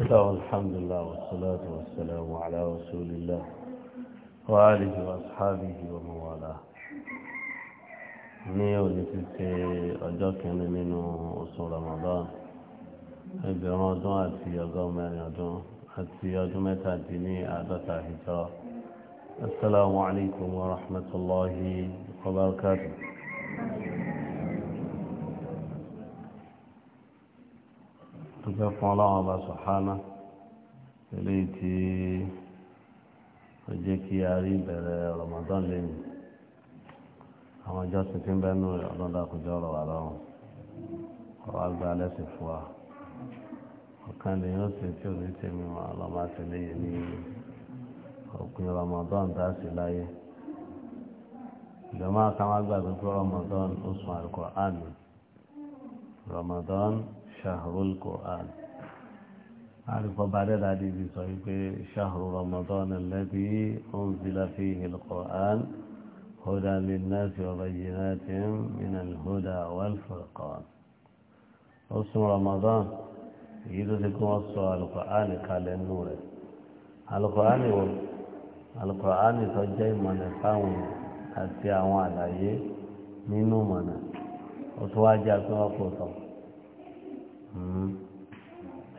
الله الحمد لله والصلاة والسلام على رسول الله وآله وأصحابه ومن والاه ní òní ti ṣe ọjọ́ kìíní nínú oṣù Ramadan ẹgbẹ̀rún ọdún àti ọgọ́rùn mẹ́rin ọdún àti ọdún mẹ́tàdínní àádọ́ta àhìjọ assalamu alaikum wa rahmatullahi wa barakatuh dúpẹ́ fún ọlọ́run ọba sọ̀hánà eléyìí tí ó jẹ́ kí a rí ìbẹ̀rẹ̀ Ramadan lẹ́nu àwọn ọjọ́ sì ti ń bẹ́nu ọdún dákúnjọ́ ọ̀rọ̀ wà lọ́rùn ọ̀rọ̀ àgbà lẹ́sìn fún wa ọ̀kan lè yóò ṣe tí ò ní tèmi wọn ọlọ́mọ àtìlẹ́yìn ní òpin Ramadan dá sí láyé ìjọba kan wá gbàgbé pé Ramadan oṣù Al-Qur'an Ramadan shahrul Qur'an àríkọ́ bá dẹ́dà dìbì sọ wípé shahru Ramadan alladhi unzila fihi al-Qur'an hudan lin-nasi wa bayyinatin minal huda wal furqan oṣù Ramadan èyí tó ti kí wọ́n sọ al-Qur'an kalẹ̀ nù tó jẹ́ ìmọ̀nà fáwọn àti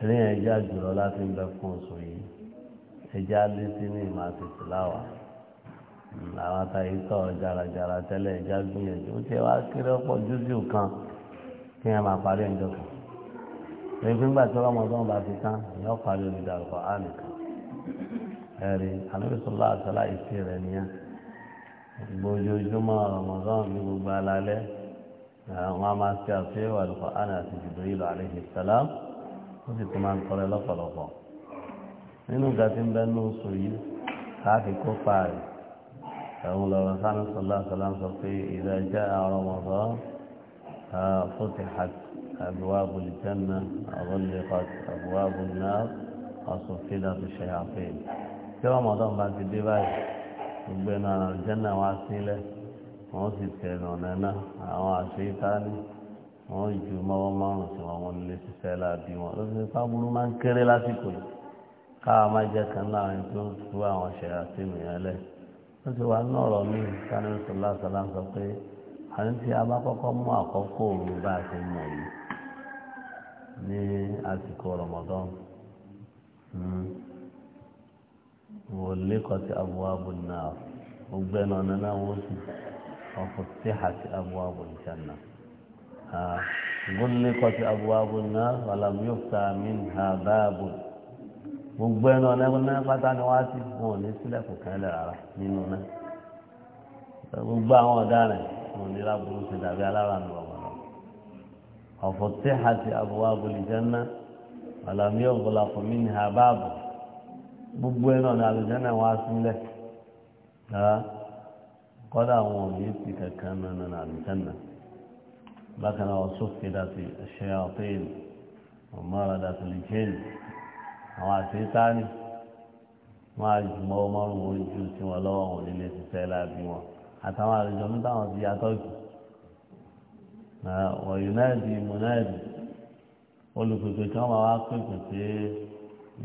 ní ẹja jùlọ láti ń bẹ fún oṣù yìí ẹja lé sí ní ìmọ̀ àtìtì láwà àwọn àtàyè tọ̀ jarajara tẹ́lẹ̀ ẹja gbìyànjú ó ti wá kéré ọ̀pọ̀ jújù kan kí ẹ máa parí ẹjọ́ kan ẹgbẹ́ ńgbà tí ọlọ́mọdún bá fi tán ìyá parí olùdarí àmì kan ẹ̀rí ànábìsọ̀lá àtàlà ìfì rẹ̀ nìyẹn gbojoojúmọ́ ọmọdún ní gbogbo alalẹ́ àwọn a máa ṣe àfihàn àlùkò àná àti jìbìrì lọ àlejò sàlámù ó sì tún máa ń tọrẹ lọ́pọ̀lọpọ̀ nínú ìgbà tí ń bẹ ní oṣù yìí káàkiri kópa rẹ̀ ẹ̀hún lọ́rọ̀ sánú sọlá sọlá sọ pé ìdájá àwọn ọmọ فتحت أبواب الجنة أغلقت أبواب النار وصفدت الشياطين tí Ramadan bá ti dé báyìí gbogbo ẹnu jẹ́nà wá sílẹ̀ wọ́n sì tẹ̀lé ọ̀nà náà àwọn àṣeyíká ní wọ́n ju mọ́wọ́ márùn sí wọn wọn lè ṣiṣẹ́ láàbí wọn ló fi fábúrú máa ń kéré lásìkò yìí káwa máa jẹ́ kan láàrin tó ń tú àwọn ṣẹ̀yà sí mìíràn lẹ̀ ó ti wà ní ọ̀rọ̀ mi sani sọlá sọlá sọ pé àní tí a bá kọ́kọ́ mú àkọ́kọ́ òru bá a ti mọ̀ yìí ní àsìkò rọmọdán hmm. wò lẹ́kọ̀ọ́ ti abúwábù náà gbogbo ẹnu ọ̀nà náà wọ́n sì ọkọ̀ tí àti abúwábù ìjànà gbólíkọ́tì abúwábù náà wàlàmúyòkúta mìíràn báàbù gbogbo ẹnu ọ̀lẹ́gun náà pátá ni wá sí wọn ò ní sílẹ̀kùn kan lẹ̀ rárá nínú náà gbogbo àwọn ọ̀daràn wọn ò ní láburú sí dàbí alára nù ọ̀gbọ̀n ọ̀fọ̀ tí a ti abúwábù lè jẹ́ ná wàlàmúyòkúta mìíràn báàbù gbogbo ẹnu ọ̀nà àlùjẹ́ náà wá sílẹ̀ kọ́dà wọn ò ní sí kankan náà nínú àlùjẹ́ náà. بكنا وصفدت الشياطين ومردت الجن وعسيتاني máa jù mọ́ ọmọrùn ún ju tí wọn lọ́wọ́ wọn nílé ṣiṣẹ́ láàbí wọn àtàwọn àlejò ń dáhùn sí atọ́jú wọ́n yúnáìdì múnáìdì olùpèpè tí wọ́n máa wá pèpè pé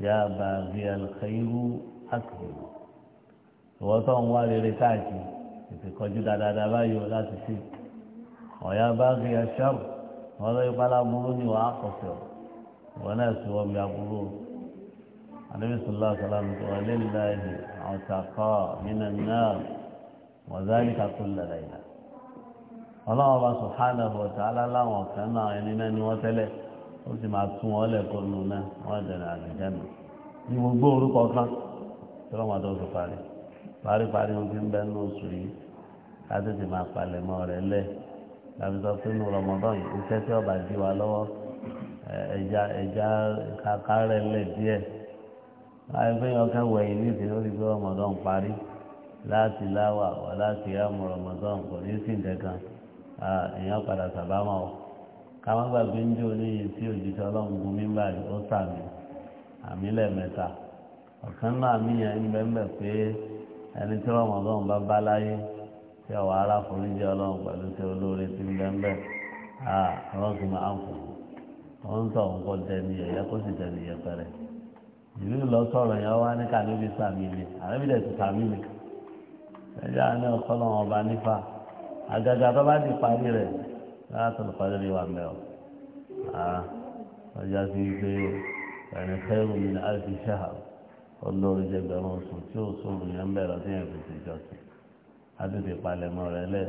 yá bá bí alkhairu akbar ìwọ́n tó ń wá rere káàkiri ètò ìkọjú dáadáa báyọ̀ láti ṣe ọ̀yà bá fi ẹṣẹ́rù wọn lọ ìpalá burú ni wàá kọ̀ọ̀kẹ́ wọn náà sì wọ́n mi aburú anabi sallallahu alaihi wa sallam tó wà lẹ́lẹ́láyìn àwọn tàkọ́ nínú náà wọ́n záyé kakú lẹ́lẹ́yìn ọlọ́wọ́n bá subhanahu wa ta'ala láwọn kan náà ẹni náà ni wọ́n tẹ́lẹ̀ ó sì máa tún wọn lẹ́kọ̀ọ́ nù náà wọ́n dẹ̀rẹ̀ àlùjáde ní gbogbo orúkọ kan tí wọ́n máa tó fi parí paríparí wọn làbí sọ pé ní rọmọdán yìí iṣẹ́ tí ọba di wa lọ́wọ́ ẹja ẹja kakarẹ lẹ díẹ̀ àìfẹyìn ọkẹ wẹ̀yìn nídìí lórí pé rọmọdán parí láti láwà wà láti yàmù rọmọdán kò ní sí nǹkan èèyàn padà sàbámọ ọ káwọn gbàgbé ń jó ní yìí tí òjíṣẹ́ Ọlọ́run gun mí báyìí ó sàmì àmì lẹ́ẹ̀mẹ́ta ọ̀kan náà àmì yẹn ń bẹ́ẹ̀ pé ẹni tí rọmọdán bá bá láyé. tí ọ̀wọ́ ara foríjì ọlọ́run pẹ̀lú tí olóore ti ń bẹ́ńbẹ́ ọlọ́sùn máa ń wọn ń dẹni ẹ̀yẹ kó sì dẹni ìlú yẹn wá ní sàmì mi dẹ̀ ti sàmì mi ẹjọ́ àná ọkọ́ ọba nífà àgàgà tó bá ti parí rẹ̀ láti rí wa mẹ́ ọ ọjà sí pé ẹni fẹ́rù mi olórí adúlé palẹ̀mọ́ rẹ̀ lẹ̀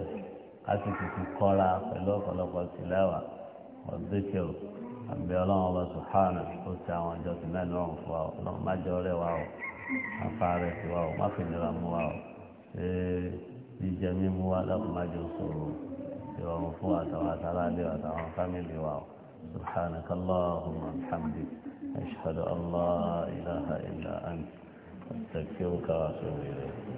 láti tètè kọ́ra pẹ̀lú ọ̀pọ̀lọpọ̀ tìlẹ́wà ọ̀dẹ́kẹ̀ọ́ àbí ọlọ́run ọba sùhánà ó ti àwọn ọjọ́ ti náà náà fún wa ọlọ́run má jẹ́ ọ̀rẹ́ wa o má fa wa o má mú wa o ee jíjẹ mímú wa lọ́kùn má jẹ́ òṣòro ìrọ̀rùn fún àtàwọn àtàlálẹ̀ àtàwọn fámìlì wa o سبحانك اللهم